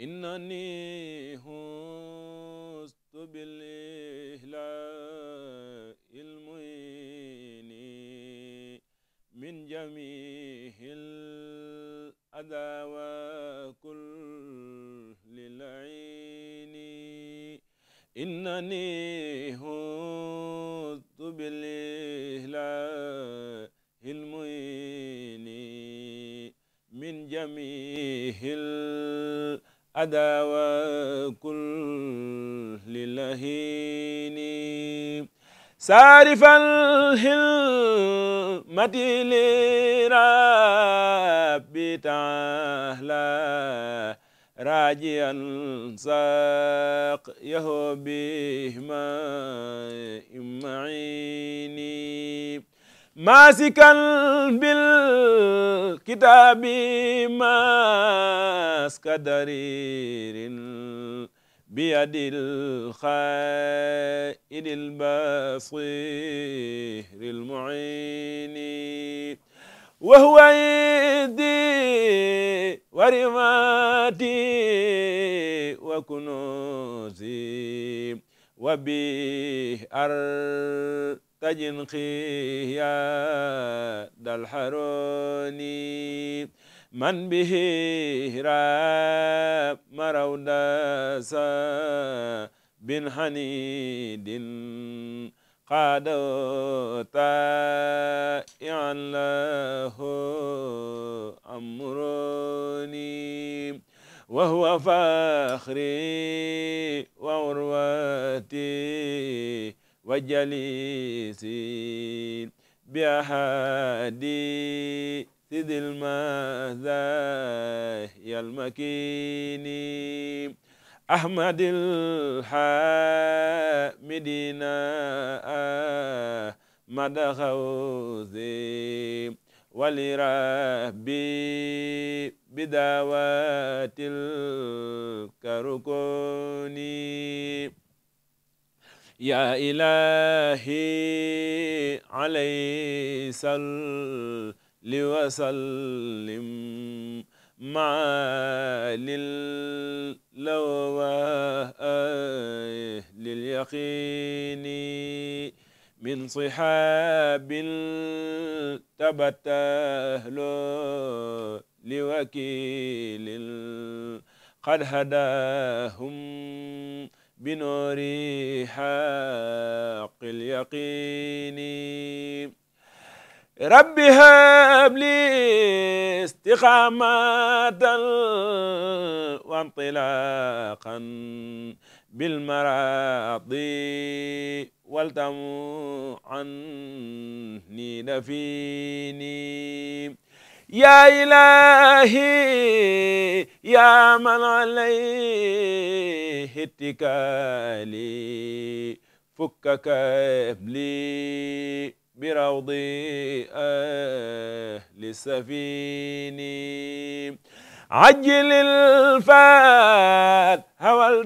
إنني هزت بالإهلاء المين من جميع الأذى وكل العين إنني هزت بالإهلاء المين من جميع الأذى adawa kulli lahini saarifal hilmati li rabbi taala rajian saq yahu bihma imaini ماسكا بالكتاب ماسك درير بيد الخائن البصير المعين وهو يدي ورماتي وكنوزي وبه أرض تجن قياد الحرون من به راب مرودسا بن حنيد قاد تائعا له أمرني وهو فخري وعروتي وجليسي بأحادي سيد المزايا المكيني أحمد الحامدين أحمد خوزي ولربي بدعوات الكركوني يا إلهي عليه سل وسلم مع للوائه لليقين من صحاب تبت أهله لوكيل قد هداهم بنور حق اليقين رب هب لي استقامة وانطلاقا بالمراضي والتم عني نفيني يا إلهي يا من عليه اتكالي فك كبلي بروض أهل سفيني عجل الفات هوى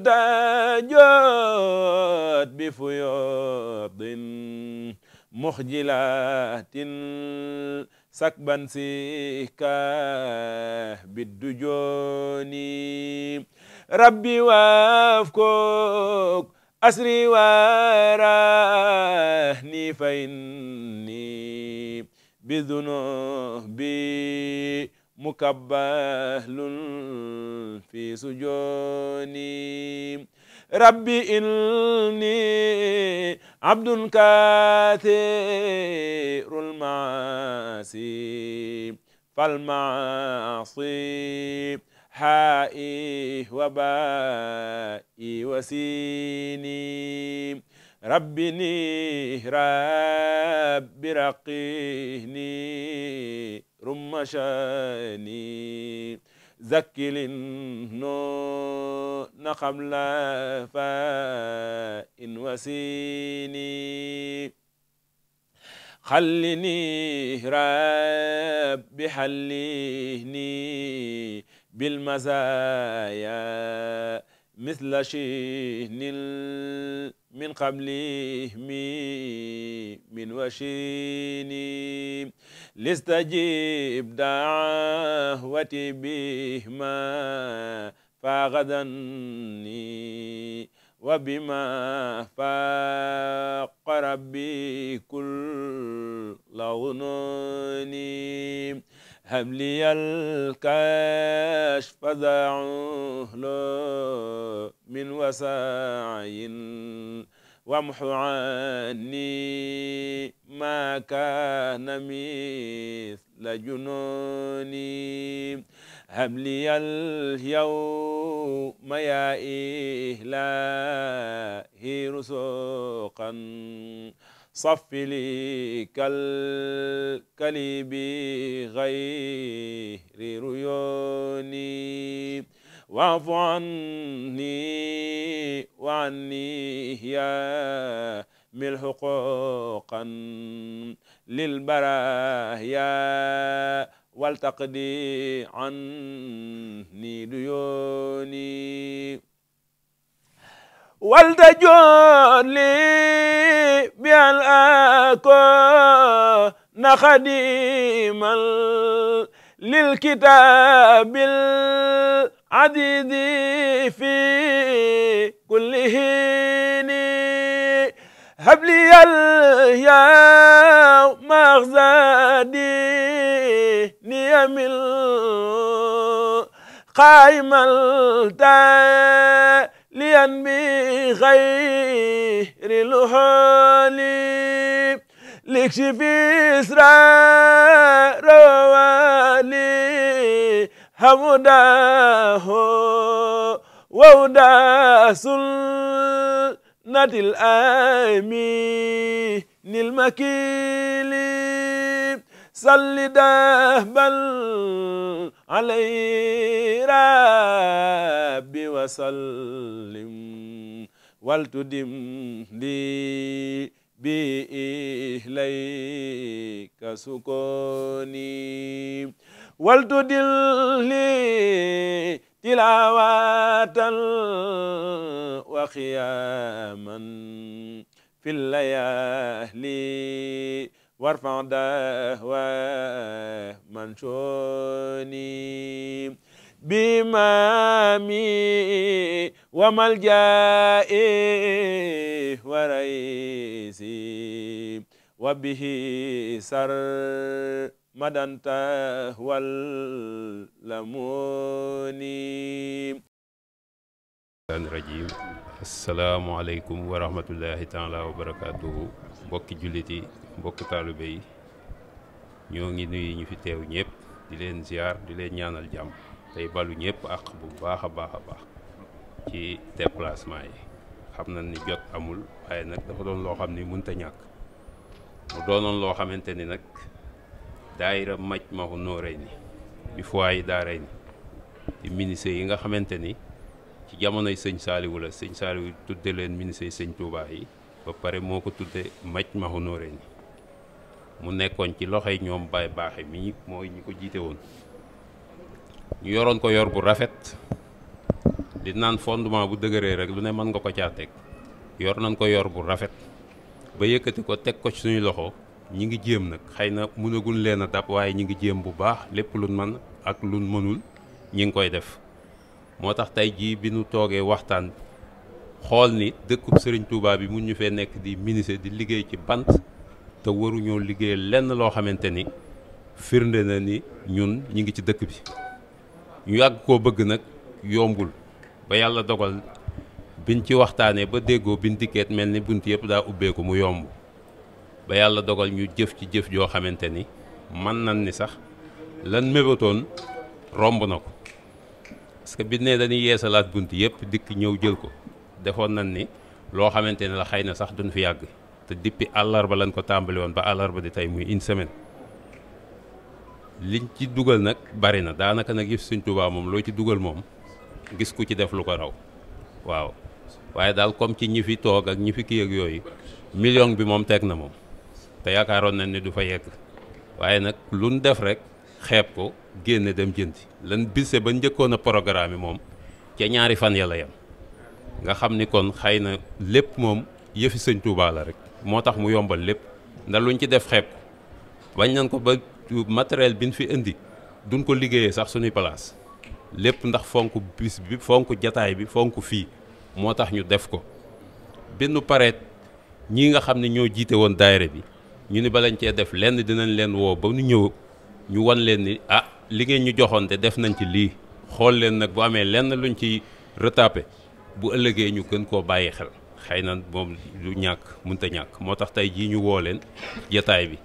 جود بفيوض مخجلات سكبا سيكا بالدجون ربي وافكك أسري ورهني فإني بذنوبي مكبل في سجوني rabbi inni abdun kathirul maasi fal maasi haa'i wa baa'i wa siini rabbi ni rabbi raqini rumashani zakkilin no na xam la fa in wasini xallini rabbi xallini bilmasaya misla shinil min qablihimi min washini listajib daawati bihima faqadanni wa bima faqa rabbi kulla gununi هب لي الكشف ذعه من وسعي وامح عني ما كان مثل جنوني هب لي اليوم يا إلهي رزقا صفي لي كالكلي بغير ريوني واعف عني وعني يا مل حقوقا للبرايا والتقدي عني ديوني والتجون لي بأن أكون خديما للكتاب العديد في كل حين هب لي اليوم أغزادي نيم قائما liyan bi xayri luxooli liksi fi isra rawaali hamudaho wawda sunnati l-aamini l-makiili salli dahban علي ربي وسلم ولتدم لي بإهليك سكوني ولتدل لي تلاوة وخياما في الليالي وارفع دهوى من شوني بمامي وملجائي ورئيسي وبه سرمدا تهوى اللموني الرجيم السلام عليكم ورحمة الله تعالى وبركاته mbokki jullit yi mbokki taalibe yi ñoo ngi nuyu ñu fi teew ñëpp di leen ziar di leen ñaanal jàmm tey balu ñëpp ak bu baax a baax a baax ci déplacement yi xam na ni jot amul waaye nag dafa doon loo xam ni mënta ñàkk mu doonoon loo xamante ni nag daayira maj mahu nóorey ni di fois yi daarey ni di ministre yi nga xamante ni ci jamonoy sëñ saaliwu la sëñ saaliwu tudd leen ministre yi sëñ Tuubaa yi ba pare moo ko tudde Majmahun Nurayni mu nekkoon ci loxo yi ñoom Baay Baaxe mii mooy ñu ko jiite woon ñu yoroon ko yor bu rafet li naan fondement bu dëgëree rek lu ne mën nga ko caa teg yor nañ ko yor bu rafet ba yëkkati ko teg ko ci suñu loxo ñi ngi jéem nag xëy na mu mënaguñ leen a dab waaye ñi ngi jéem bu baax lépp luñ mën ak lu mënul ñi ngi koy def moo tax tey jii bi nu toogee waxtaan xool ni dëkku sëriñ Touba yi mun ñu fee nekk di ministre di liggéey ci bant te waruñoo liggéey lenn loo xamante ni firnde na ni ñun ñu ngi ci dëkk bi ñu yàgg koo bëgg nag yombul ba yàlla dogal biñ ci waxtaanee ba déggoo biñ dikkeet mel ni bunt yëpp daa ubbeeku mu yomb ba yàlla dogal ñu jëf ci jëf joo xamante ni man nañ ni sax lan mébatoon romb na ko parce que bi ne dañuy yeesalaat bunt yëpp dikk ñëw jël ko defoon nañ ni loo xamante ne la xëy na sax duñ fi yàgg te depuis àllarba lañ ko tàmbali woon ba àllarba di tey muy une semaine li ci dugal nag bari na daanaka nag yëf Sëñ Tuubaa moom loo ci dugal moom gis ku ci def lu ko raw waaw waaye daal comme ci ñi fi toog ak ñi fi kii ak yooyu million bi moom teg na moom te yaakaaroon nañ ne du fa yegg waaye nag luñ def rek xeeb ko génne dem jëndi lan bise ba njëkkoon a programme moom ca ñaari fan ya la yem nga xam ni kon xëy na lépp moom yëfi sëñ Touba la rek moo tax mu yombal lépp ndax luñ ci def xeeb bañ nañ ko ba matériel bi ñu fi indi duñ ko liggéeye sax suñuy place lépp ndax fonk bis bi fonk jataay bi fonk fii moo tax ñu def ko bi nu pareet ñii nga xam ne ñoo jiite woon daayira bi ñu ni balañ cee def lenn dinañ leen woo ba ñu ñëw ñu wan leen ni ah li ngeen ñu joxoon te def nañ ci lii xool leen nag bu amee lenn luñ ciy retapé bu ëllëgee ñu gën koo bàyyi xel xëy na moom lu ñàkk munta ñàkk moo tax tey jii ñu woo leen jataay bi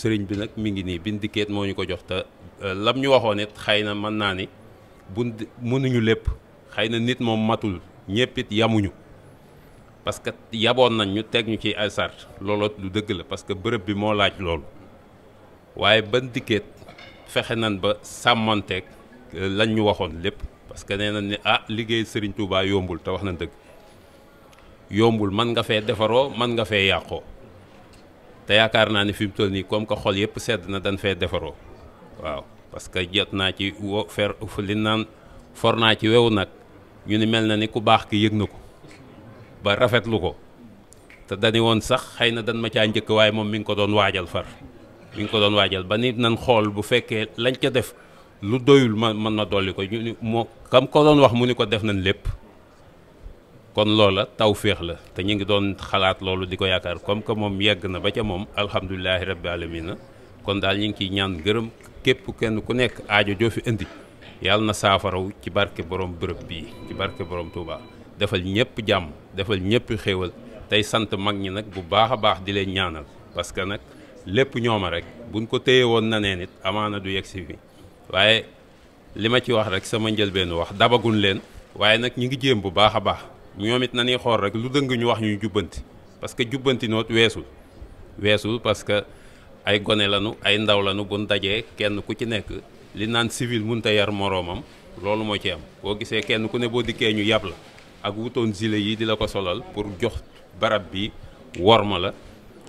sëriñ bi nag mi ngi nii bin dikkeet moo ñu ko jox te euh, lam ñu waxoon it xëy na mën naa ni buñ nuñu lépp xëy na nit moom matul ñëpp yamuñu parce que yaboon nañ ñu teg ñu ci ay sart looloo lu dëgg la parce que bërëb bi moo laaj loolu waaye ban dikket fexe nañ ba sàmmanteeg euh, lañ ñu waxoon lépp parce que nee nañ ne ah liggéey Serigne Touba yombul te wax na dëgg yombul man nga fee defaroo man nga fee yàqoo te yaakaar naa ne fi mu toll nii comme que xol yëpp sedd na dañ fee defaroo waaw parce que jot naa ci wo fer li naan for naa ci wewu nag ñu ni mel na ni ku baax ki yëg na ko ba rafetlu ko te dañu woon sax xëy na dan ma caa njëkk waaye moom mi ngi ko doon waajal far mi ngi ko doon waajal ba nit nan xool bu fekkee lañ ca def. lu doyul ma man ma dolli ko ñu moo kam ko doon wax mu ni ko def nañ lépp kon loola taw féex la te ñu ngi doon xalaat loolu di ko yaakaar comme que moom yegg na ba ca moom alhamdulilahi rabbi alamina kon daal ñu ngi ciy ñaan gërëm képp kenn ku nekk aajo joo fi indi yàlla na saafaraw ci barke borom bërëb bii ci barke borom Touba defal ñëpp jàmm defal ñëpp xéewal tey sant mag ñi nag bu baax a baax di leen ñaanal parce que nag lépp ñooma rek buñ ko téyee woon na nit amaana du yegg si waaye li ma ci wax rek sama njëlbeenu wax dabagun leen waaye nag ñi ngi jéem bu baax a baax ñoom it nañuy xool rek lu dëng ñu wax ñuy jubbanti parce que jubbanti noot weesul weesul parce que ay gone lanu ay ndaw lanu buñ dajee kenn ku ci nekk li naan civil munta yar moroomam loolu moo ci am boo gisee kenn ku ne boo kee ñu yab la ak wutoon gilet yi di la ko solal pour jox barab bi worma la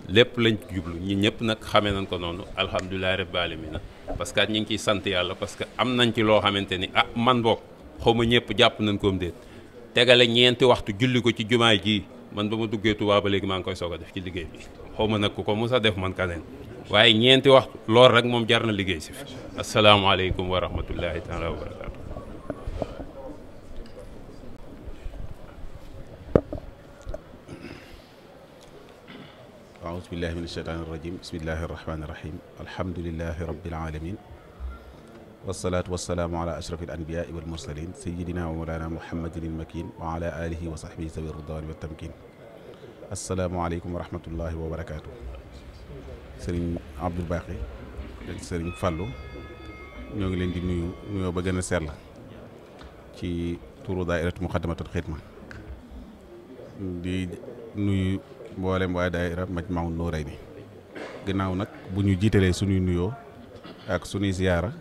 lépp lañ jublu ñi ñëpp nag xamee nañ ko noonu alhamdulilah rabbil alamin parce que ñu ngi ciy sant yàlla parce que am nañ ci loo xamante ni ah man boo xaw ma ñëpp jàpp nañ koom déet tegale ñeenti waxtu julli ko ci jumaay ji man ba ma duggee Tuubaa ba léegi maa ngi koy soog a def ci liggéey bi xaw ma nag ku ko mos a def man kaneen waaye ñeenti waxtu lool rek moom jar na liggéey si fi asalaamaaleykum wa rahmatullahi taala wa barakaatu aousu billahi min asheytaan irrajim bismillahi irrahmani irrahim alhamdulilahi rabbil alamin wasalaatu wasalaamu ala ashraf al anbiya wal mursalin sayidina wa mawlana muhammadin il makin wa ala alihi wa sahbihi sawi ridwani wa tamkin asalaamualeykum wa rahmatullahi wa barakaatu sëriñ Abdou Bakhi ak sëriñ Fallou ñoo ngi leen di nuyu nuyoo ba gën a sell ci turu daayiratu Muxaddamatul Xidma di nuyu mboolem waa daayira Majmahun Nurayni gannaaw nag bu ñu jiitalee suñuy nuyoo ak suñuy ziyaara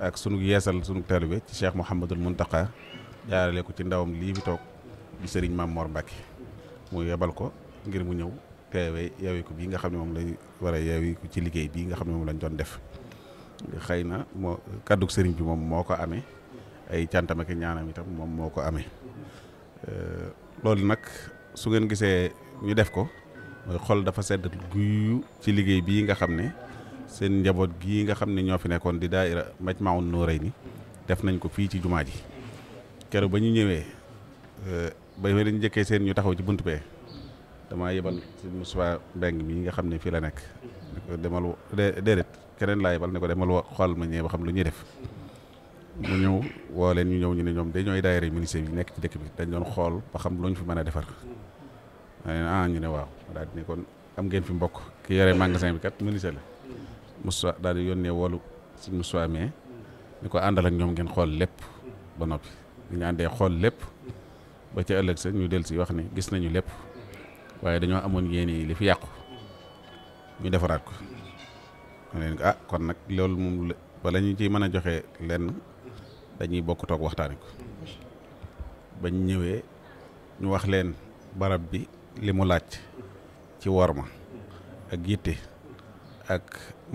ak sunu yeesal sunu taalibe ci Cheikh Mouhamadul Mountakha jaarale ko ci ndawam lii mi toog di sëriñ Maam Mor Mbacke mu yebal ko ngir mu ñëw teewee yeewee ko bii nga xam ne moom lañ war a ci liggéey bii nga xam ne moom lañ doon def xëy na moo kàddug sëriñ bi moom moo ko amee ay cantam ak ñaanam itam moom moo ko amee. loolu nag su ngeen gisee ñu def ko xol dafa sedd guyu ci liggéey bii nga xam ne seen njaboot gii nga xam ne ñoo fi nekkoon di daayira Majmahun Nurayni def nañ ko fii ci jumaa ji keroog ba ñu ñëwee eh, ba ma dañ njëkkee seen ñu taxaw ci buntu bee damaa yebal sëñ Moussa Mbeng mi nga xam ne fii la nekk ne ko demal déedéet keneen laa yebal ne ko demal xool ma ñëwee ba xam lu ñuy def mu ñëw woo leen ñu ñëw ñu ne ñoom dañooy daayira ministère bi nekk ci dëkk bi dañ doon xool ba xam lu ñu fi mën a defar a ne ah ne waaw di ne kon ngeen fi mbokk ki yore magasin bi kat ministère la Moussa daal di yónnee woolu si Moussa mais ni ko àndal ak ñoom ngeen xool lépp ba noppi ñu àndee xool lépp ba ca ëllëg ñu del si wax ni gis nañu lépp dañoo amoon yéene li fi yàqu defaraat ko ma ah, kon nag loolu moom bala ñu ci mën a joxe lenn dañuy bokk toog waxtaane ko bañ ñëwee ñu wax leen barab bi li mu laaj ci worma ak yitte ak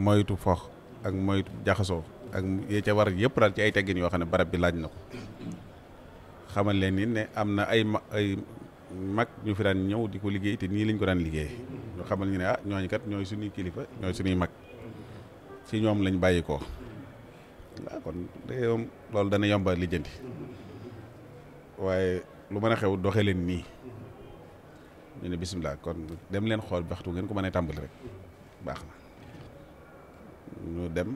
moytu fox ak moytu jaxasoo ak yee ca yëpp daal ci ay teggin yoo xam ne barab bi laaj na ko xamal leen ni ne am na ay ma ay mag ñu fi daan ñëw di ko liggéey te nii lañ ko daan liggéey ñu xamal ñu ne ah ñooñu kat ñooy suñuy kilifa ñooy suñuy mag ci ñoom lañ bàyyi ko waaw kon dayom loolu dana yomba lijjanti waaye lu mën a xew doxee leen nii ñu ne bisimilah kon dem leen xool baxtu ngeen ko mën a tàmbali rek baax na ñu dem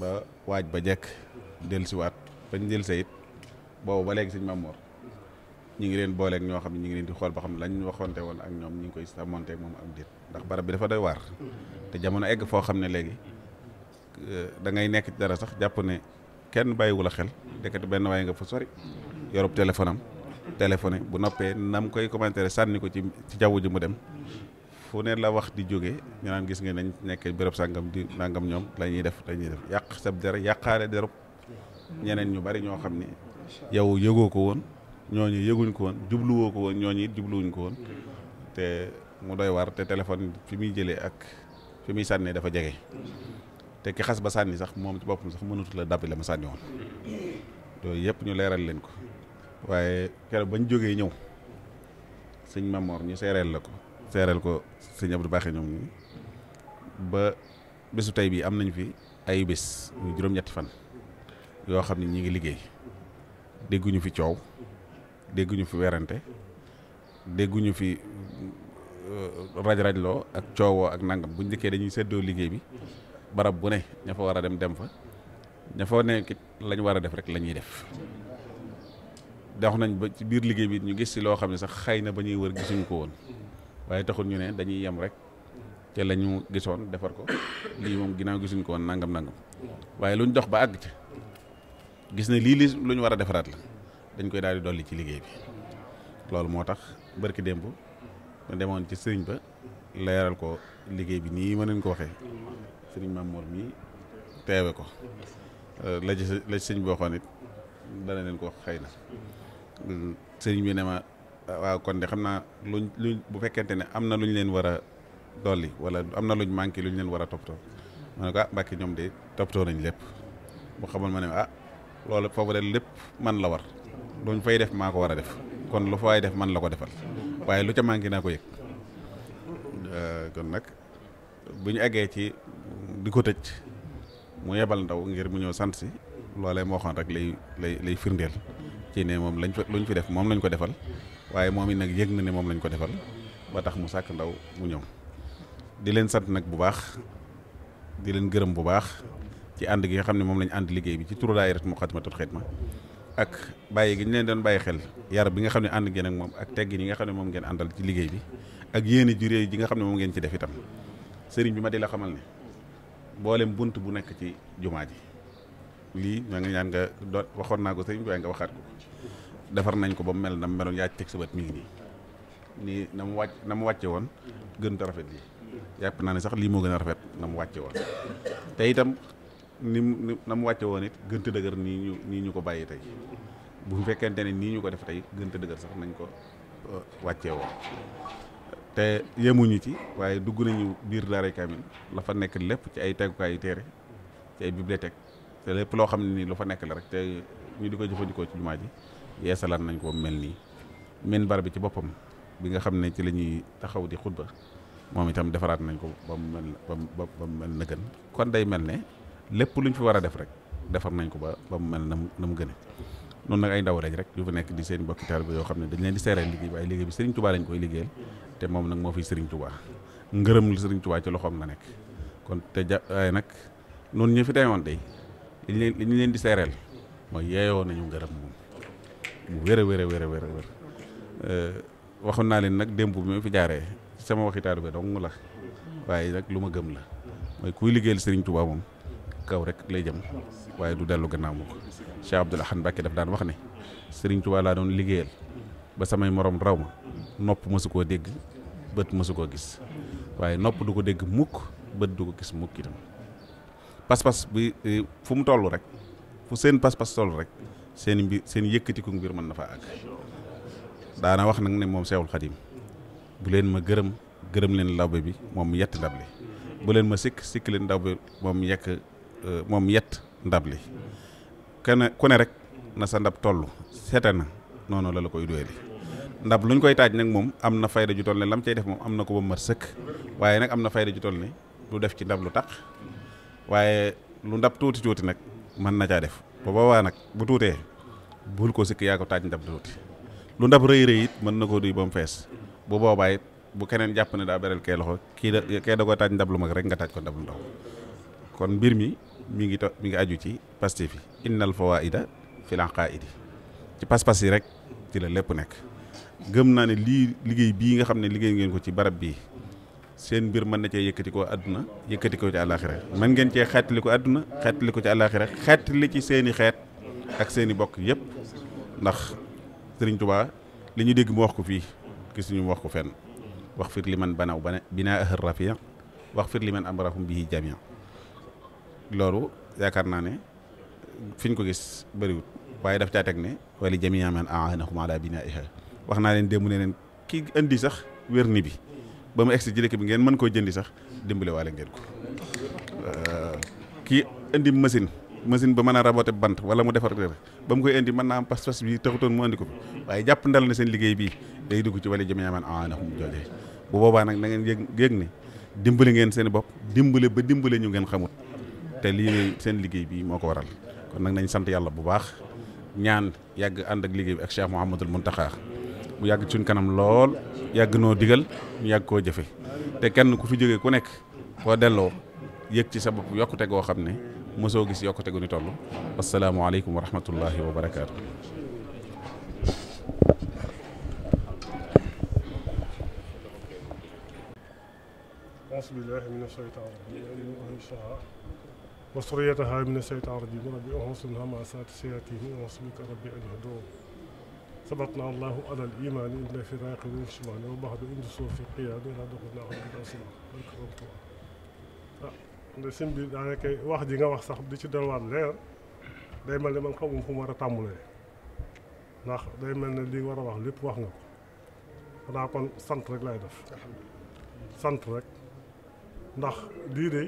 ba waaj ba jekk dellusiwaat bañ dellusee it boobu ba léegi sëñ Mamoor ñu ngi leen booleeg ñoo xam ne ñu ngi leen di xool ba xam ne lañ waxonte woon ak ñoom ñu ngi koy sàmmonteeg moom ak déet ndax barab bi dafa doy waar te jamono egg foo xam ne léegi da ngay nekk ci dara sax jàpp ne kenn bàyyiwul a xel dekati benn waaye nga fa sori yorub téléphone am téléphoné bu noppee nam koy commentaire sànni ko ci ci jaww ji mu dem fu ne la wax di jóge ñu gis nga nañ nekk béréb sàngam di nangam ñoom la ñuy def la def yàq sab dara yàqaale derub ñeneen ñu bari ñoo xam ni yow yëgoo ko woon ñooñu yëguñ ko woon jubluwoo ko woon ñooñu it jubluwuñ ko woon te mu doy war te téléphone fi muy jëlee ak fi muy sànnee dafa jege te ki xas ba sànni sax moom ci boppam sax mënatul la dàbbi la ma sànni woon yooyu yëpp ñu leeral leen ko waaye keroog bañ jógee ñëw sëñ Mamor ñu seereel la ko seereel ko sëñ Abdou baaxee ñoom ñi ba bésu tey bii am nañ fi ay bés ñu juróom-ñetti fan yoo xam ne ñi ngi liggéey dégguñu fi coow dégguñu fi werante dégguñu fi euh, raj loo ak coowoo ak nangam buñ njëkkee dañuy seddoo liggéey bi barab bu ne ña fa war a dem dem fa ña fa nekk lañu war a def rek la ñuy def dox nañ ba ci biir liggéey bi ñu gis ci loo xam ne sax xëy na ba ñuy wër gisuñ ko woon waaye taxul ñu ne dañuy yem rek te la ñu gisoon defar ko lii moom ginnaaw gisuñ ko woon nangam nangam waaye luñ dox ba àgg ca gis ne lii li lu ñu war a defaraat la dañ koy daal di dolli ci liggéey bi loolu moo tax barki démb ma demoon ci sëriñ ba leeral ko liggéey bi nii ma nañ ko waxee sëriñ Mamour mi teewe ko euh, la ci la ci sëñ bi waxoon it dana leen ko wax xëy na sëriñ bi ne ma waaw kon de xam naa luñ luñ bu fekkente ne am na luñ leen war a yi wala am na lu luñ lu luñ leen war a toppatoo ma ne ko ah Mbàkke ñoom de toppatoo nañ lépp bu xamal ma ne ah loolu foofu de lépp man la war luñ fay def maa ko war a def kon lu fay def man la ko defal waaye lu ca manqué naa ko yëg euh, kon nag bu ñu eggee ci di ko tëj mu yebal ndaw ngir mu ñëw sant si loolee moo waxoon rek lay lay firndeel ci ne moom lañ fa luñ fi def moom lañ ko defal waaye moom it nag yëg na ne moom lañ ko defal ba tax mu sàkk ndaw mu ñëw di leen sant nag bu baax di leen gërëm bu baax ci ànd gi nga xam ne moom lañ ànd liggéey bi ci turu daayiratu Muqaddamatul Xidma ak bàyyi gi ñu leen doon bàyyi xel yar bi nga xam ne ànd ngeen ak moom ak teggin yi nga xam ne moom ngeen àndal ci liggéey bi ak yéene ju réy ji nga xam ne moom ngeen ci def itam sëriñ bi ma di la xamal ne mboolem bunt bu nekk ci jumaa ji lii maa ngi ñaan nga do waxoon naa ko sëñ bi waaye nga waxaat ko defar nañ ko ba mu mel na mu meloon yaa teg sa bët mi nii nii na mu wàcc na mu wàcce woon gën rafet lii yàpp naa ne sax lii moo gën a rafet na mu wàcce woon te itam ni mu na mu wàcce woon it gën a dëgër nii ñu nii ñu ko bàyyi tey bu fekkente ne nii ñu ko def tey gën a dëgër sax nañ ko uh, wàcce woon te yemuñu ci waaye dugg nañu biir daaray kaamil la fa nekk lépp ci ay tegukaay yu téere ci ay bibliothèque te lépp loo xam ne nii lu fa nekk la rek te ñu di ko jëfandikoo ci jumaa yi yeesalaat nañ ko mel nii min bar bi ci boppam bi nga xam ne ci la ñuy taxaw di xutba moom itam defaraat nañ ko ba mu mel ba ba na gën kon day mel ne lépp luñ fi war a def rek defar nañ ko ba ba mu mel na mu na mu gëne noonu nag ay ndaw lañ rek yu fa nekk di seen mbokki taalibe yoo xam ne dañ di seereel liggéey bi ay liggéey koy liggéeyal te moom nag moo fiy Serigne Touba ngërëm Serigne Touba ci loxoom la nekk kon te ja waaye nag noonu ñu fi demee woon li ñu leen li ñu leen di seereel mooy yeeyoo nañu ngërëm moom mu wér a wér a wér euh, naa leen nag démb bi ma fi jaaree sama waxitaanu bi dong la waaye nag lu ma gëm la mooy kuy liggéeyal sëriñ Touba moom kaw rek lay jëm waaye du dellu gannaaw moom Cheikh Abdoul Ahad Mbacké daf daan wax ne Serigne Touba laa doon liggéeyal ba samay moroom raw ma nopp ma su koo dégg bët mësu koo gis waaye nopp du ko dégg mukk bët du ko gis mukk itam pas-pas bi eh, fu mu toll rek fu seen pas-pas toll rek seen mbir seen yëkkatiku mbir mën na faa àgg daana wax nag ne moom Seexul Xadim bu leen ma gërëm gërëm leen lawbe bi moom yett ndab li bu leen ma sikk sikk leen ndab bi moom yekk eh, moom yett ndab li kenn ku ne rek na sa ndab toll seete na noonu la la koy doyee ndab luñ koy taaj nag moom am na fayda ju toll ne lam cay def moom am na ko ba mat sëkk waaye nag am na fayda ju toll ne lu def ci ndab lu taq waaye lu ndab tuuti tuuti nag mën na caa def ba waa nag bu tuutee bul ko sëkk yaa ko taaj ndab tuuti lu ndab rëy rëy it mën na koo di ba mu fees bu boobaa it bu keneen jàpp ne daa beral kee loxo kii da kee da koy taaj ndab lu mag rek nga taaj ko ndab lu ndaw kon mbir mi mi ngi mi ngi aju ci pastif yi innal fawaida fil aqaidi ci pas-pas rek ci la lépp nekk gëm naa ne lii liggéey bii nga xam ne liggéey ngeen ko ci barab bii seen mbir mën na cee yëkkati ko àdduna yëkkati ko ci àllaaxira mën ngeen cee xeetali ko àdduna xeetali ko ci àllaaxira xeetali ci seen i xeet ak seen bokk yëpp ndax Sëriñ Tuubaa li ñu dégg mu wax ko fii gisuñu mu wax ko fenn wax fir li man banaw bana binaa ahar rafia wax fir li am amrahum bihi jamia loolu yaakaar naa ne fiñ ñu ko gis bëriwut waaye daf caa teg ne wala jamia man aanahum ala binaiha wax naa leen démb ne leen kii indi sax wér ni bi ba mu egsi ci dëkk bi ngeen mën koo jëndi sax dimbale waale ngeen ko kii indi machine machine ba mën a raboter bant wala mu defar ba mu koy indi man naa am pas-pas bi taxutoon mu indi ko waaye jàpp ndal na seen liggéey bii day dugg ci wala jëmee amaan aanahum joojee bu boobaa nag na ngeen yëg yëg ne dimbale ngeen seen bopp dimbale ba dimbale ñu ngeen xamut te lii seen liggéey bii moo ko waral kon nag nañ sant yàlla bu baax ñaan yàgg ànd ak liggéey bi ak Cheikh Mouhamadul Mountakha mu yàgg ci suñ kanam lool yàgg noo digal ñu yàgg koo jëfe te kenn ku fi jógee ku nekk koo delloo yëg ci sa bopp yokkute goo xam ne mosoo gis yokkute gu ni toll asalaamaaleykum wa rahmatullahi wa barakaatu. bismillahi min asheytaan rajim wa suriyataha min ثبتنا الله على الإيمان إلا في راق من شمال وبعد إن في قيام لا دخلنا على الأسماء الكرم طبعا waaw sëñ bi daanaka wax ji nga wax sax di ci delluwaat leer day mel ne man xamum fu mu war a tàmbalee ndax day mel ne li war a wax lépp wax nga ko xanaa kon sant rek laay def sant rek ndax lii de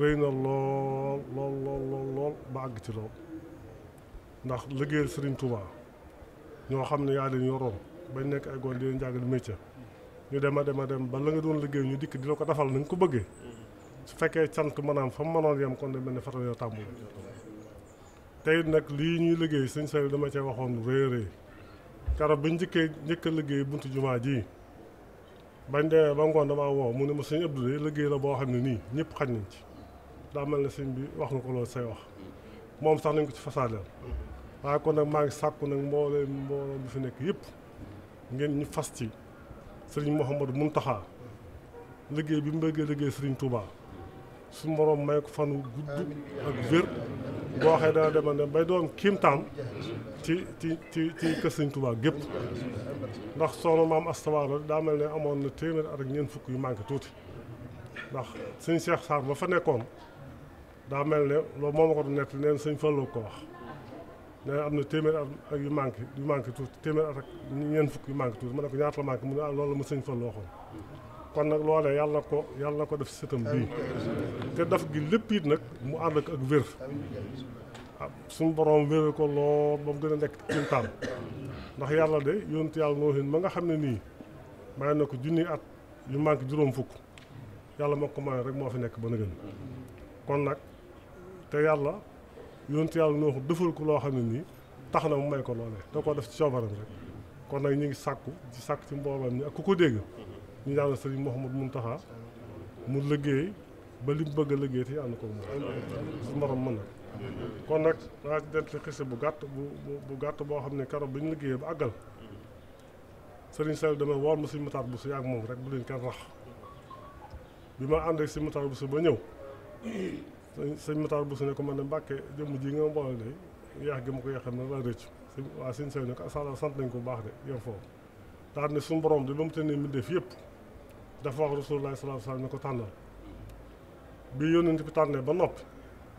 rëy na lool lool lool lool lool ba àgg ci lool ndax liggéeyal Sëriñ Tuubaa ñoo xam ne yaa leen yoroon bañ nekk ay goon di leen jàngal métier ñu dem a dem a dem ba la nga doon liggéey ñu dikk di la ko defal na ko bëggee su fekkee cant maanaam fa mu mënoon yem kon de mel ne faral yoo tàmbul tey nag lii ñuy liggéey sëñ Saliou dama cee waxoon rëy rëy keroog bi njëkkee njëkk liggéey buntu jumaa ji bañ demee ba ngoon dama woo mu ne ma sëñ Abdou de liggéey la boo xam ne nii ñëpp xañ nañ ci daa mel ne sëñ bi wax nga ko loolu say wax moom sax ko ci fasaaleel waaye kon nag maa ngi sàkku nag mbooloo mbooloo bi fi nekk yépp ngeen ñu fas ci sëriñ Mouhamadou taxaa liggéey bi mu bëggee liggéey sëriñ Touba su moroom may fanu gudd ak wér boo dana demal ne bay doon kiimtaan ci ci ci ci kër sëriñ Touba gépp ndax soo soxna maam astawaaro daa mel ne amoon na téeméer at ak ñeent fukk yu manqué tuuti ndax sëñ Cheikh Sarr ba fa nekkoon daa mel ne loolu moom ma ko doon nett neen sëñ Fallou ko wax nee am na téeméer at ak yu manqué yu manqué tuuti téeméer at ak ñeent fukk yu manqué tuuti ma ne ko ñaata la manqué mu ne ah loolu la ma sëñ Fallu waxoon kon nag loolee yàlla na ko yàlla ko def sëtam bii te daf gi lépp it nag mu ànd ak ak wér ah suñu borom wéral ko lool ba mu gën a nekk kéemtaan ndax yàlla de yonent yàlla noohin ma nga xam ne nii may na ko junni at yu manqué juróom fukk yàlla moo ko may rek moo fi nekk ba na gën kon nag te yàlla yonentu yàlla Nuux defal ko loo xam ne nii tax na mu may ko loolee da koo def ci coobaram rek kon nag ñu ngi sàkku ci sàkk ci mbooloom ñi ak ku ko dégg ñu ñaanal sëriñ Mouhamadou Mountakha mu liggéey ba li bëgg a liggéey te ñu ànd ko moom su morom kon nag danaa ci dent li bu gàtt bu bu gàtt boo xam ne keroog bi ñu liggéeyee ba àggal sëriñ Sall dama wool ma si bu si ak moom rek bu leen kenn rax bi ma ànd ak si mataar bu si ba ñëw sëñ Matar Bousso ne ko man ne Mbàkke jëmm ji nga ma boole de yéex gi ma ko yéexal na laa rëcc sëñ waa sëñ Saliou ne ko sant nañ ko bu baax de yow foofu daal ne suñu borom de ba mu yëpp dafa wax Rasulullah sallallahu alayhi wasallam ko tànnal bi yónnent bi tànnee ba noppi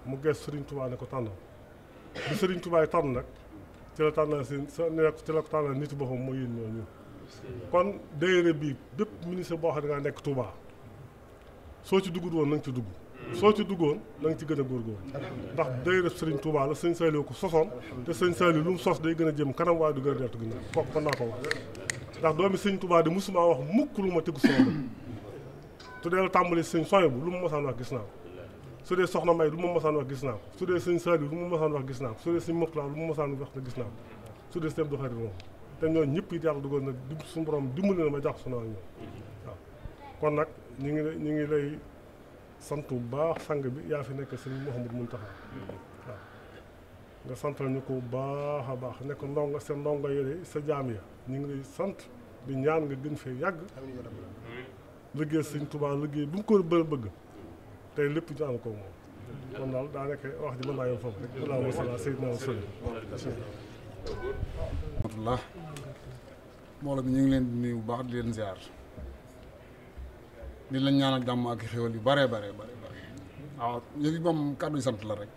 mu gees Serigne ne ko tànnal bi Serigne Touba yi tànn nag ci la tànnal seen sa nekk ci la ko tànnal nit boppam mooy yéen ñooñu kon daayira bi bépp ministre boo xam ne ngaa nekk Touba soo ci duggut woon na ci dugg soo ci duggoon da nga ci gën a góorgóor ndax day def sëriñ Touba la sëñ ko sosoon te sëñ Saliou lu mu sos day gën a jëm kanam waaye du gën a deltu ginnaaw kooku mën naa ko wax ndax doomi wax mukk ma tegu sama su dee tàmbali sëñ Soye bu lu mu mosaan wax gis naa ko su dee soxna May lu mu gis naa ko su dee sëñ Saliou lu mu mosaan wax gis naa ko su dee sëñ Mourtala lu mu mosaan wax gis naa ko su dee ñëpp it yàlla dugal na suñu borom dimbali na ma jàpp suna ñoom waaw kon nag ñu ngi ñu ngi lay sant bu baax sang bi yaa fi nekk sëñ Mouhamadou Mountakha waaw nga santal ñu ko bu baax a baax ne ko ndongo sa ndongo yére sa jaam ya ñu ngi lay sant di ñaan nga gën fee yàgg liggéey sëñ Tuubaa liggéey bu mu ko bër bëgg tey lépp ñu ko moom kon daal daa nekk wax ji mën naa yom foofu rek walaa wasala sayyidina rasulillah moo la bi ñu ngi leen di nuyu bu baax di leen ziar di lañ ñaanal jàmm ak xéwal yu bare bare bare waaw yëf yi moom kàddu sant la rek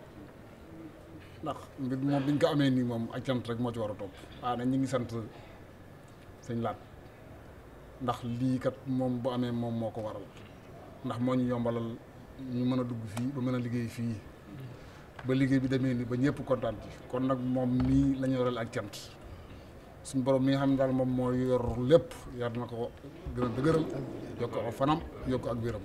ndax mbir moom biñ ko amee nii moom ak cant rek moo ci war a topp waaw nag ñu ngi sant sëñ laat ndax lii kat moom bu amee moom moo ko waral ndax moo ñu yombalal ñu mën a dugg fii ba mën a liggéey fii ba liggéey bi demee ni ba ñëpp kontaan ci kon nag moom nii lañu ñu waral ak cant suñu borom mi xam ne daal moom moo yor lépp yar na ko gën a dëgëral yokk ak fanam yokk ak biiram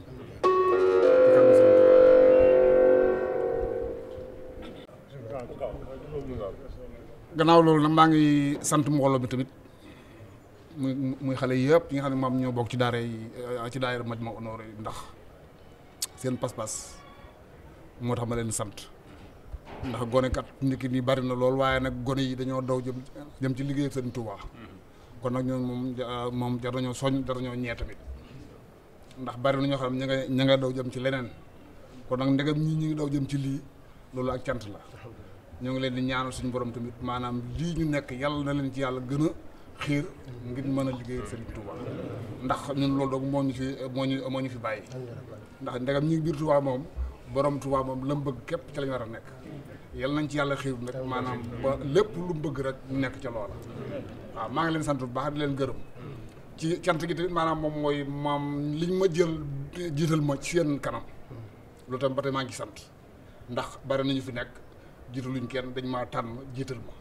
gannaaw loolu nag maa ngi sant mbooloo bi tamit muy muy xale yëpp yi nga xam ne maam ñoo bokk ci daara yi eh, ci daayira Majmahun Nurayni ndax seen pas-pas moo tax ma leen sant ndax gone kat ndiki nii bari na lool waaye nag gone yi dañoo daw jëm jëm ci liggéey sëñ Touba. Mm-hmm. kon nag ñoom moom moom jar nañoo soñ jar nañoo ñee tamit ndax bari na ñoo xam ña nga ña nga daw jëm ci leneen kon nag ndegam ñii ñu ngi daw jëm ci lii loolu ak cant la ñoo ngi leen di ñaanal suñu borom tamit maanaam lii ñu nekk yàlla na leen ci yàlla gën a xiir ngir mën a liggéey Serigne Touba ndax ñun loolu doog moo ñu fi moo ñu moo ñu fi bàyyi ndax ndegam ñi biir Touba moom borom Touba moom lam bëgg képp ci lañ war a nekk yal nañ ci yàlla xiiw nag maanaam ba lépp lu mu bëgg rek nekk ca loola waaw maa ngi leen sant bu baax di leen gërëm ci cant gi tamit maanaam moom mooy maam liñ ma jël jiital ma ci seen kanam loolu tamit ba tey maa ngi sant ndax bari nañu fi nekk jiitaluñ kenn dañ maa tànn jiital ma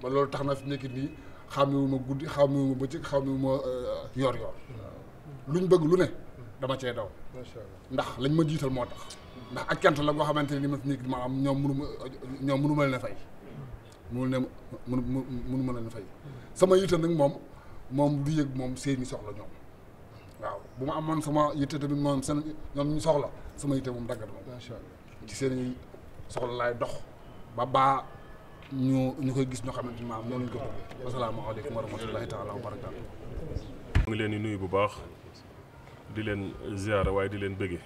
ba loolu tax na fi nekk nii ma guddi xàmmewuma bëccëg xàmmewuma euh, yor yor luñ bëgg lu ne dama cee daw. ndax lañ ma jiital moo tax. ndax ak cant la boo xamante ni ma nit ma am ñoom mënu ma ñoom mënu ma leen a fay. mënu ne mënu mënu ma fay. sama yitte nag moom moom du yëg moom seeni soxla ñoom. waaw bu ma amoon sama yitte tamit moom seen ñoom ñu soxla sama yitte moom daggat moom. macha allah ci seeni soxla laay dox ba baa ñu ñu koy gis ñoo xamante ni maam noonu lañ ko tudd. asalaamaaleykum wa rahmatulahi taala wa barakaatu. mu ngi leen di nuyu bu baax. di leen ziyaara waaye di leen bëggee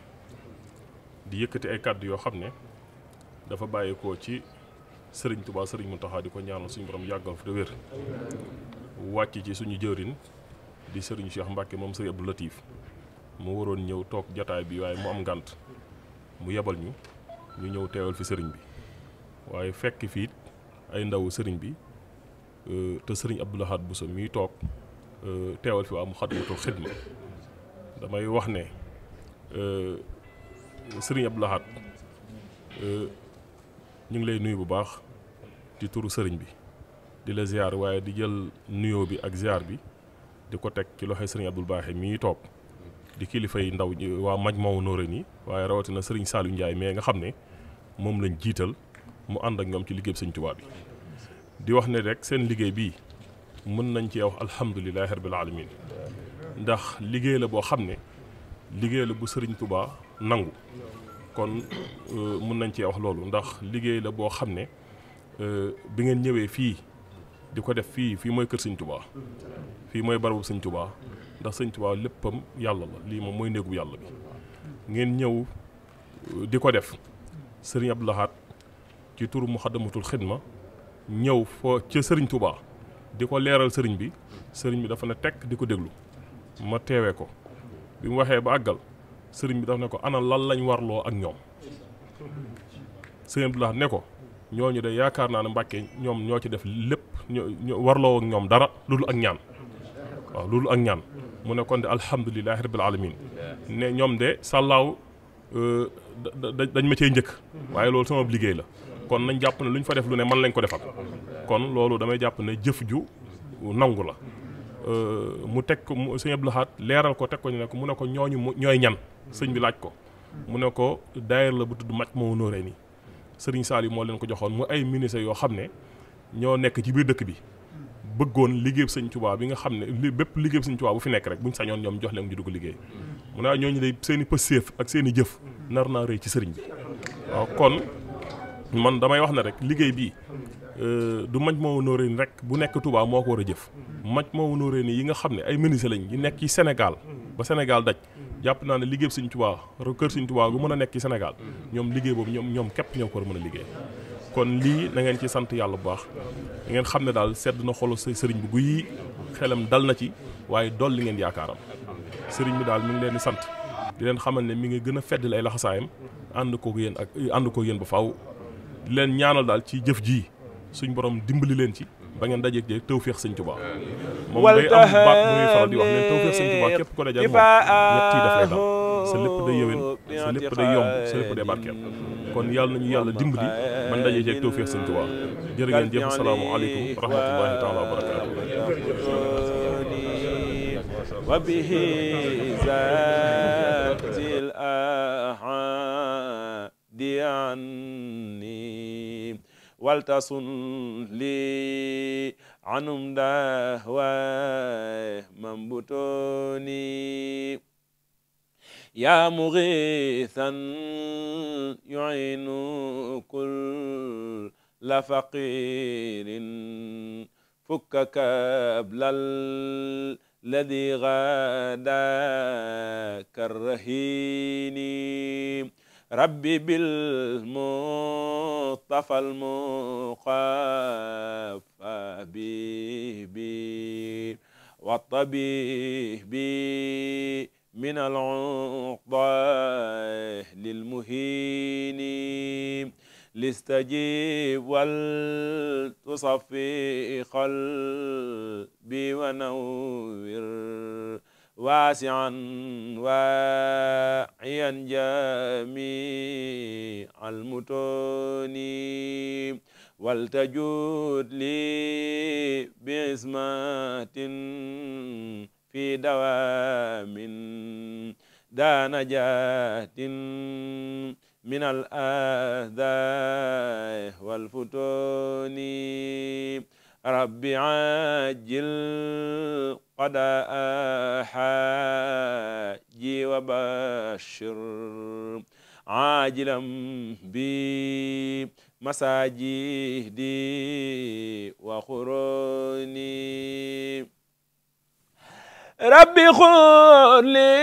di yëkkati ay kàddu yoo xam ne dafa bàyyeekoo ci sëriñ Touba sëriñ Mountakha di ko ñaanal suñu borom yàggal fu te wér wàcc ci suñu jëwrin di sëriñ Cheikh Mbacke moom sëriñ Abdou Latif mu waroon ñëw toog jataay bi waaye mu am ngànt mu yebal ñu ñu ñëw teewal fi sëriñ bi waaye fekk fii ay ndawu sëriñ bi euh, te sëriñ Abdou Lahad Bousso miy toog euh, teewal fi waa mu xadmatul xidma damay wax ne euh, sëriñ Abdou Lahad euh, ñu ngi lay nuyu bu baax di turu sëriñ bi di la ziar waaye di jël nuyoo bi ak ziar bi di ko teg ci loxo sëriñ Abdoul Baaxe mii toog di kilifa yi ndaw waa Majmahun Nurayni waaye rawatina sëriñ Saliou Ndiaye mais nga xam ne moom lañ jiital mu ànd ak ñoom ci liggéey sëriñ Tuubaa bi di wax ne rek seen liggéey bi mën nañ ci wax alhamdulilahi rabbil alamin ndax liggéey la boo xam ne liggéey la bu sëriñ Touba nangu kon euh, mun nañ cee wax loolu ndax liggéey la boo xam ne euh, bi ngeen ñëwee fii di ko def fii fii mooy kër sëñ Touba fii mooy barabu sëñ Touba ndax sëñ Touba léppam yàlla la lii moom mooy néegu yàlla bi ngeen ñëw euh, di ko def sëriñ Abdou Lahad ci turu Muxaddamatul Xidma ñëw foo ci sëriñ Touba di ko leeral sëriñ bi sëriñ bi dafa na tekk di ko déglu ma teewee ko bi mu waxee ba àggal sëriñ bi daf ne ko ana lan lañ warloo ak ñoom sëriñ Abdoulaye ne ko ñooñu de yaakaar naa ne Mbàkke ñoom ñoo ci def lépp ñoo warloo ak ñoom dara loolu ak ñaan waaw loolu ak ñaan mu ne kon de alhamdulilahi rabbil alamin ne ñoom de sàllaaw euh, dañ ma cee njëkk waaye loolu sama liggéey la kon nañ jàpp ne lu ñu fa def lu ne man lañ ko defal kon loolu damay jàpp ne jëf ju nangu la mu teg ko sëñ Abdou Lahad leeral ko teg ko ñu ne ko mu ne ko ñooñu ñooy ñan sëñ bi laaj ko mu ne ko daayira la bu tudd maj moo nóoree nii sëriñ Saliou moo leen ko joxoon mu ay ministres yoo xam ne ñoo nekk ci biir dëkk bi bëggoon liggéey sëñ Tuubaa bi nga xam ne bépp liggéey sëñ Tuubaa bu fi nekk rek buñ sañoon ñoom jox leen ñu dugg liggéey mu ne ñooñu day seen i pëstéef ak seen i jëf nar naa rëy ci sëriñ bi waaw kon man damay wax ne rek liggéey Euh, du Majmahun Nurayni rek bu nekk Touba moo ko war a jëf. Majmahun Nurayni yi nga xam ne ay menuisier lañ yi nekk ci Sénégal. ba Sénégal daj. jàpp naa ne liggéey Sëriñ Touba kër Sëriñ Touba gu mën a nekk ci Sénégal. ñoom liggéey boobu ñoom ñoom képp ñoo ko war a mën a liggéey. kon lii na ngeen ci sant yàlla bu baax. da ngeen xam ne daal sedd na xolu sëriñ bi guy xelam dal na ci waaye dool li ngeen yaakaaram. sëriñ bi daal mi ngi leen di sant. di leen xamal ne mi ngi gën a feddal ay laxasaayam ànd koog yéen ak ànd koog yéen ba faaw leen ñaanal daal ci jëf ji suñ borom dimbali leen ci ba ngeen dajeeg jeeg tawféex sëñ Tuubaa moom day am baat bu muy faral di wax ne tawféex sëñ Tuubaa képp ko dajal moom ñett yi daf lay dal sa lépp day yëwén sa lépp day yomb sa lépp day barkeel kon yàlla nañu yàlla dimbali ba ñu dajeeg jeeg tawféex sëñ Tuubaa jërë ngeen jëf asalaamaaleykum wa rahmatullahi taala wa barakaatu wa bihi zaatil ahadi waltasun li anum dahwa mambutoni ya mughithan yu'inu kull la faqirin fukka kablal ladhi ghada karrahini rabbi bil mustafa al muqafa bibi wa tabibi min al uqda lil muhini listajib wal tusafi qalbi wa nawwir واسعا واعيا جميع المتون والتجود لي بعصمة في دوام ذا نجاة من الأذى والفتون rabbi ajil qadaa haaji wa bashir ajilan bi masajidi wa khuruni rabbi khurli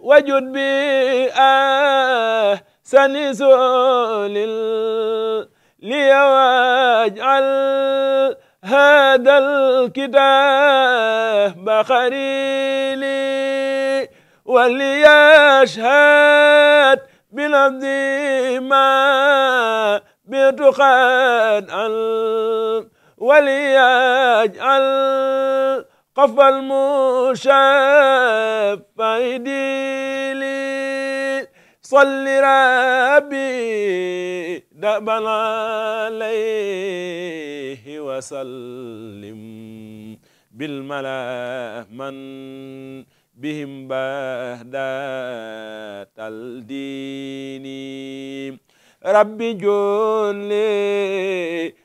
wajud bi ahsani sulil ليجعل هذا الكتاب خليلي وليشهد بلفظ ما بتقاد وليجعل قف المشفع ديلي صل ربي دأبا عليه وسلم بالملا من بهم بهدات الدين ربي جل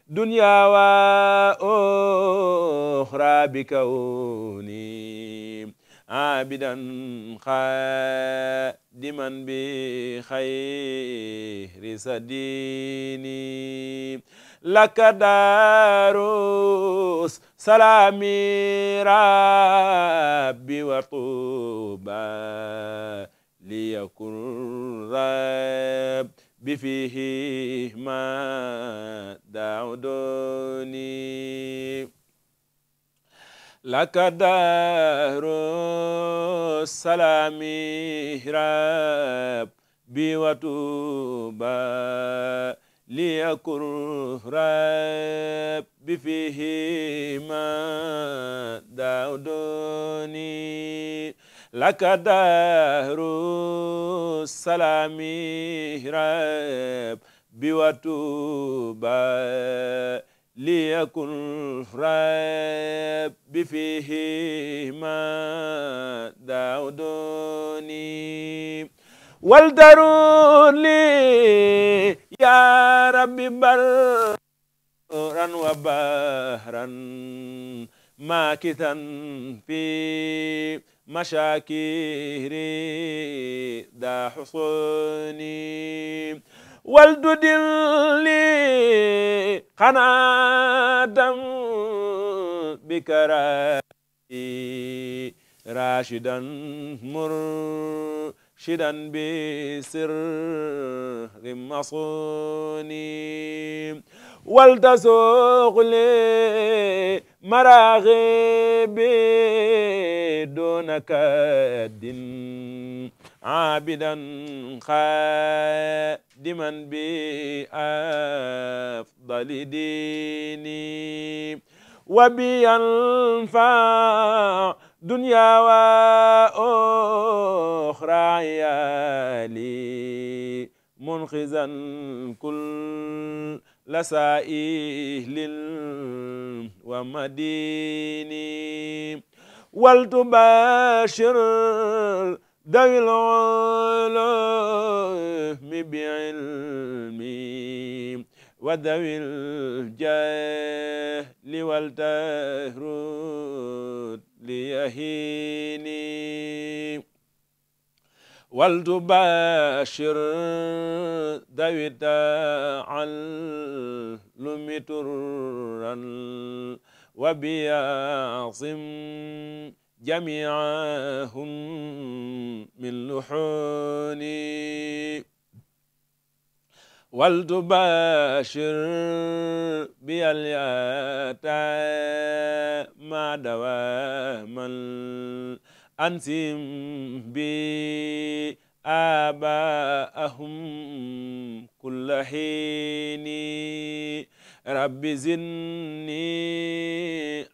دنيا وأخرى بكوني عابدا خير diman bi khayri sadini laka darus salami rabbi wa tuba liyakun rabbi fihi ma dauduni لك دار السلام ربي وتوبى ليكن ربي فيهما داودني لك دار السلام ربي وتوبى ليكن ربي فيهما داودني والدروني يا ربي برا وبهرا ماكثا في مشاكيري ذا حصوني wal du dil li xanaatam bi rashidan murshidan bi sirri masuni wal tasuuq li maraaxibi doona kaddin aabidan xaa diman bi afdali dini wa bi anfa dunya wa ukhra yali munqizan kull lasailin wa madini wal tubashir ذوي العلوم بعلمي وذوي الجهل والتهرد ليهيني ولتباشر ذوي التعلم ترا وبيعصم jami'ahum min luhuni wal tubashir bi al yata ma dawaman ansim bi abaahum kulla hini rabbi zidni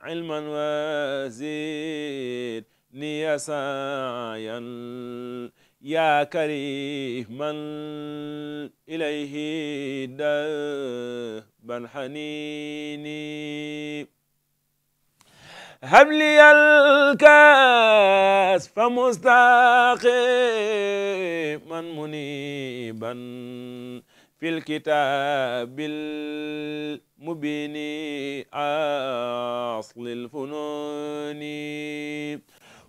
ilman wa zidni sa'yan ya kariman ilayhi dabban hanini habli alkas fa mustaqiman muniban fil kitabil مبين أصل الفنون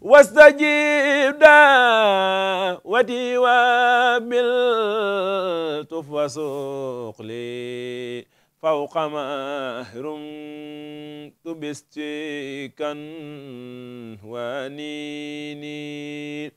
واستجيب دعوتي وبالطف وسوق لي فوق ما حرمت باستكان ونيني